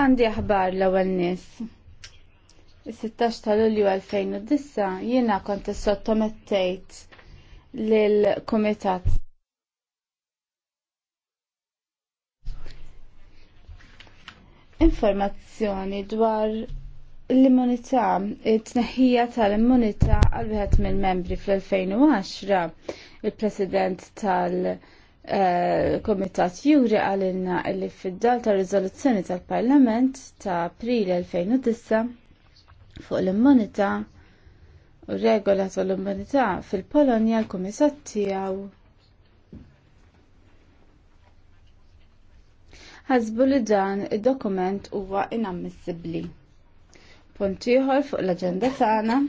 Għandi aħbar l-ewwel nies. Is-16 ta' Lulju 2009 jiena kont sottomettejt lill-Kumitat informazzjoni dwar l-immunità, it-tneħħija tal-immunità għal wieħed mill-membri fl-2010, il-President tal-, kumitat Eh, komitat Juri għalinna li fid-dal ta' rizoluzzjoni tal-Parlament ta' April 2009 fuq l-immunità u regola tal-immunità fil-Polonja l-Kumisat tiegħu ħasbu li dan id-dokument huwa inammissibbli. Punt ieħor fuq l-aġenda tagħna